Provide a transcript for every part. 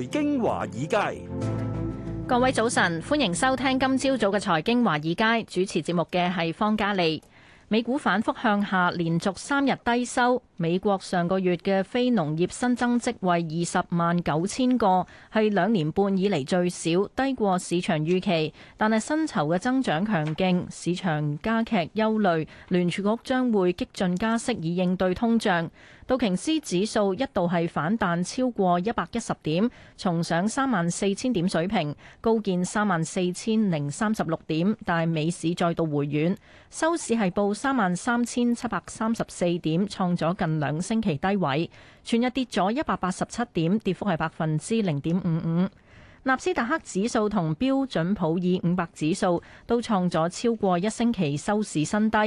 財經華爾街，各位早晨，歡迎收聽今朝早嘅財經華爾街，主持節目嘅係方嘉莉。美股反覆向下，連續三日低收。美國上個月嘅非農業新增職位二十萬九千個，係兩年半以嚟最少，低過市場預期。但係薪酬嘅增長強勁，市場加劇憂慮，聯儲局將會激進加息以應對通脹。道瓊斯指數一度係反彈超過一百一十點，重上三萬四千點水平，高見三萬四千零三十六點，但係美市再度回軟，收市係報，三萬三千七百三十四點，創咗近兩星期低位，全日跌咗一百八十七點，跌幅係百分之零點五五。納斯達克指數同標準普爾五百指數都創咗超過一星期收市新低。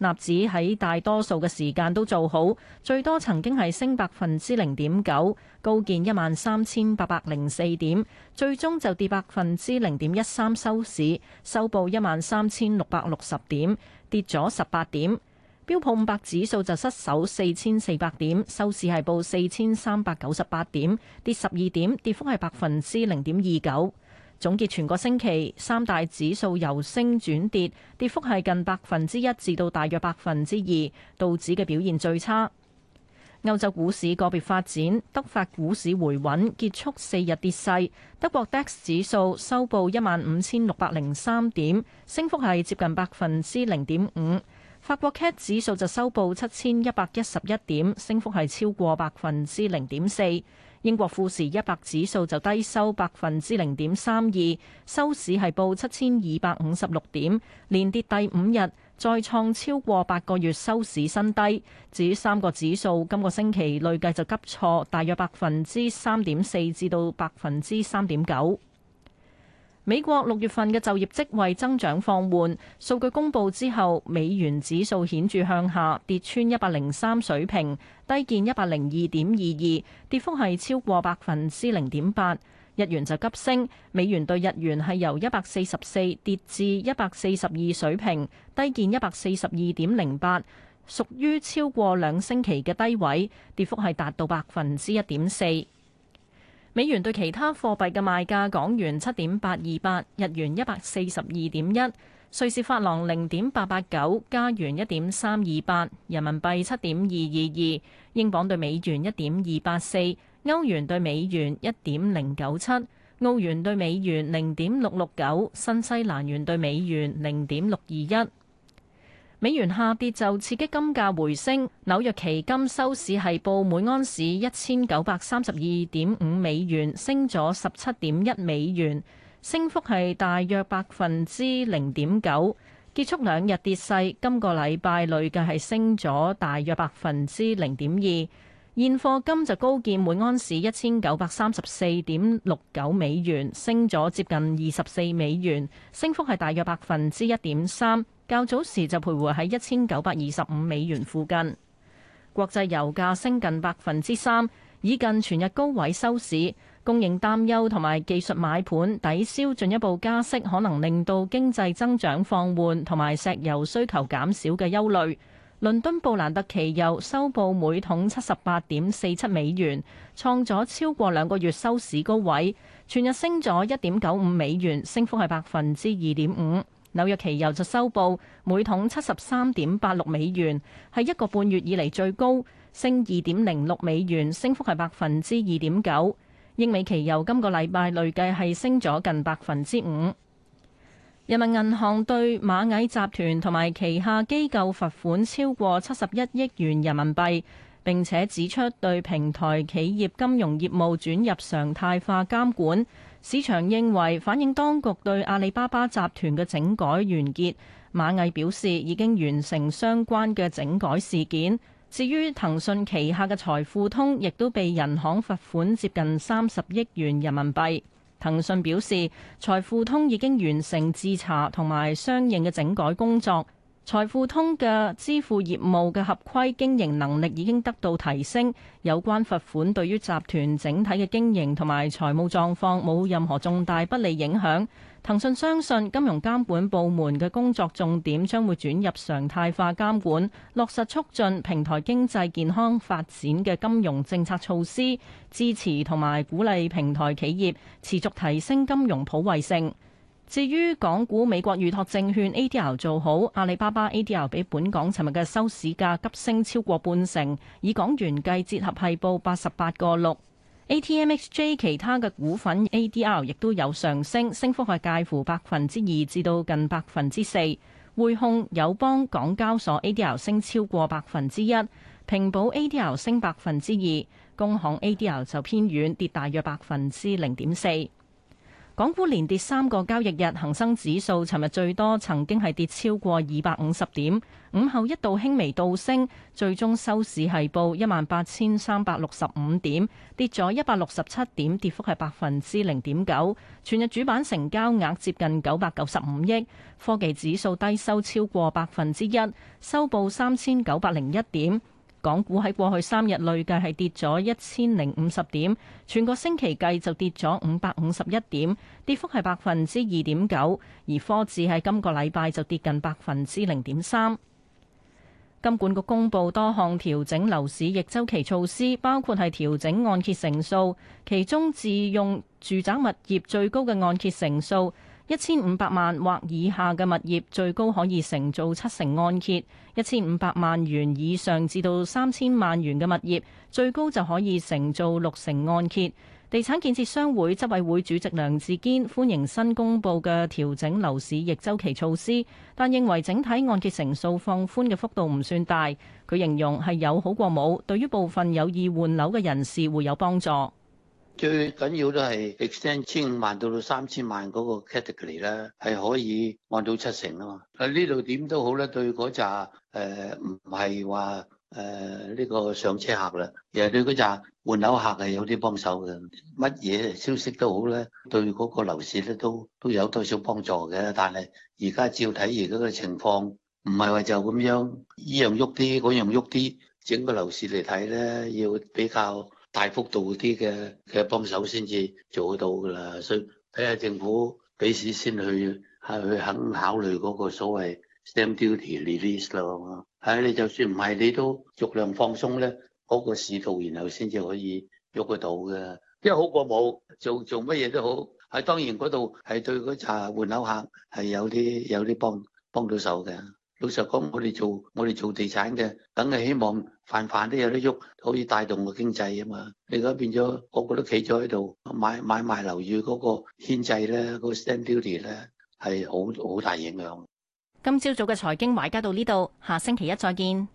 納指喺大多數嘅時間都做好，最多曾經係升百分之零點九，高見一萬三千八百零四點，最終就跌百分之零點一三收市，收報一萬三千六百六十點。跌咗十八點，標普五百指數就失守四千四百點，收市係報四千三百九十八點，跌十二點，跌幅係百分之零點二九。總結，全個星期，三大指數由升轉跌，跌幅係近百分之一至到大約百分之二，道指嘅表現最差。歐洲股市個別發展，德法股市回穩，結束四日跌勢。德國 DAX 指數收報一萬五千六百零三點，升幅係接近百分之零點五。法國 CAC 指數就收報七千一百一十一點，升幅係超過百分之零點四。英國富時一百指數就低收百分之零點三二，收市係報七千二百五十六點，連跌第五日。再創超過八個月收市新低，至於三個指數今個星期累計就急挫大約百分之三點四至到百分之三點九。美國六月份嘅就業職位增長放緩數據公佈之後，美元指數顯著向下跌穿一百零三水平，低見一百零二點二二，跌幅係超過百分之零點八。日元就急升，美元兌日元係由一百四十四跌至一百四十二水平，低見一百四十二點零八，屬於超過兩星期嘅低位，跌幅係達到百分之一點四。美元對其他貨幣嘅賣價，港元七點八二八，日元一百四十二點一，瑞士法郎零點八八九，加元一點三二八，人民幣七點二二二，英鎊對美元一點二八四。歐元對美元一點零九七，澳元對美元零點六六九，新西蘭元對美元零點六二一。美元下跌就刺激金價回升，紐約期金收市係報每盎士一千九百三十二點五美元，升咗十七點一美元，升幅係大約百分之零點九。結束兩日跌勢，今個禮拜累計係升咗大約百分之零點二。現貨金就高見每安士一千九百三十四點六九美元，升咗接近二十四美元，升幅係大約百分之一點三。較早時就徘徊喺一千九百二十五美元附近。國際油價升近百分之三，以近全日高位收市。供應擔憂同埋技術買盤抵消，進一步加息可能令到經濟增長放緩同埋石油需求減少嘅憂慮。倫敦布蘭特期油收報每桶七十八點四七美元，創咗超過兩個月收市高位，全日升咗一點九五美元，升幅係百分之二點五。紐約期油就收報每桶七十三點八六美元，係一個半月以嚟，最高，升二點零六美元，升幅係百分之二點九。英美期油今個禮拜累計係升咗近百分之五。人民銀行對螞蟻集團同埋旗下機構罰款超過七十一億元人民幣，並且指出對平台企業金融業務轉入常態化監管。市場認為反映當局對阿里巴巴集團嘅整改完結。螞蟻表示已經完成相關嘅整改事件。至於騰訊旗下嘅財付通，亦都被人行罰款接近三十億元人民幣。騰訊表示，財富通已經完成自查同埋相應嘅整改工作。財付通嘅支付業務嘅合規經營能力已經得到提升，有關罰款對於集團整體嘅經營同埋財務狀況冇任何重大不利影響。騰訊相信金融監管部門嘅工作重點將會轉入常態化監管，落實促進平台經濟健康發展嘅金融政策措施，支持同埋鼓勵平台企業持續提升金融普惠性。至於港股，美國預託證券 ADR 做好，阿里巴巴 ADR 比本港尋日嘅收市價急升超過半成，以港元計，折合係報八十八個六。ATMXJ 其他嘅股份 ADR 亦都有上升，升幅係介乎百分之二至到近百分之四。匯控、友邦、港交所 ADR 升超過百分之一，平保 ADR 升百分之二，工行 ADR 就偏軟，跌大約百分之零點四。港股連跌三個交易日，恒生指數尋日最多曾經係跌超過二百五十點，午後一度輕微倒升，最終收市係報一萬八千三百六十五點，跌咗一百六十七點，跌幅係百分之零點九。全日主板成交額接近九百九十五億，科技指數低收超過百分之一，收報三千九百零一點。港股喺過去三日累計係跌咗一千零五十點，全個星期計就跌咗五百五十一點，跌幅係百分之二點九。而科指喺今個禮拜就跌近百分之零點三。金管局公布多項調整樓市逆周期措施，包括係調整按揭成數，其中自用住宅物業最高嘅按揭成數。一千五百萬或以下嘅物業，最高可以承做七成按揭；一千五百萬元以上至到三千萬元嘅物業，最高就可以承做六成按揭。地產建設商會執委會主席梁志堅歡迎新公布嘅調整樓市逆周期措施，但認為整體按揭成數放寬嘅幅度唔算大。佢形容係有好過冇，對於部分有意換樓嘅人士會有幫助。最緊要都係 extend 千五萬到到三千萬嗰個 category 咧，係可以按到七成啊嘛。啊呢度點都好咧，對嗰扎誒唔係話誒呢個上車客啦，而係對嗰扎換樓客係有啲幫手嘅。乜嘢消息都好咧，對嗰個樓市咧都都有多少幫助嘅。但係而家照睇而家嘅情況，唔係話就咁樣，依樣喐啲，嗰樣喐啲，整個樓市嚟睇咧，要比較大幅度啲嘅嘅幫手先至做得到噶啦，所以睇下政府幾時先去係去肯考慮嗰個所謂 stamp duty release 咯。係你就算唔係，你都逐量放鬆咧，嗰個市道然後先至可以喐得到嘅，因為好過冇做做乜嘢都好。係當然嗰度係對嗰扎換樓客係有啲有啲幫幫到手嘅。老實講，我哋做我哋做地產嘅，梗係希望泛泛都有得喐，可以帶動個經濟啊嘛。你而家變咗，個個都企咗喺度買買賣樓宇嗰個牽制咧，個 stamp duty 咧係好好大影響。今朝早嘅財經華爾街到呢度，下星期一再見。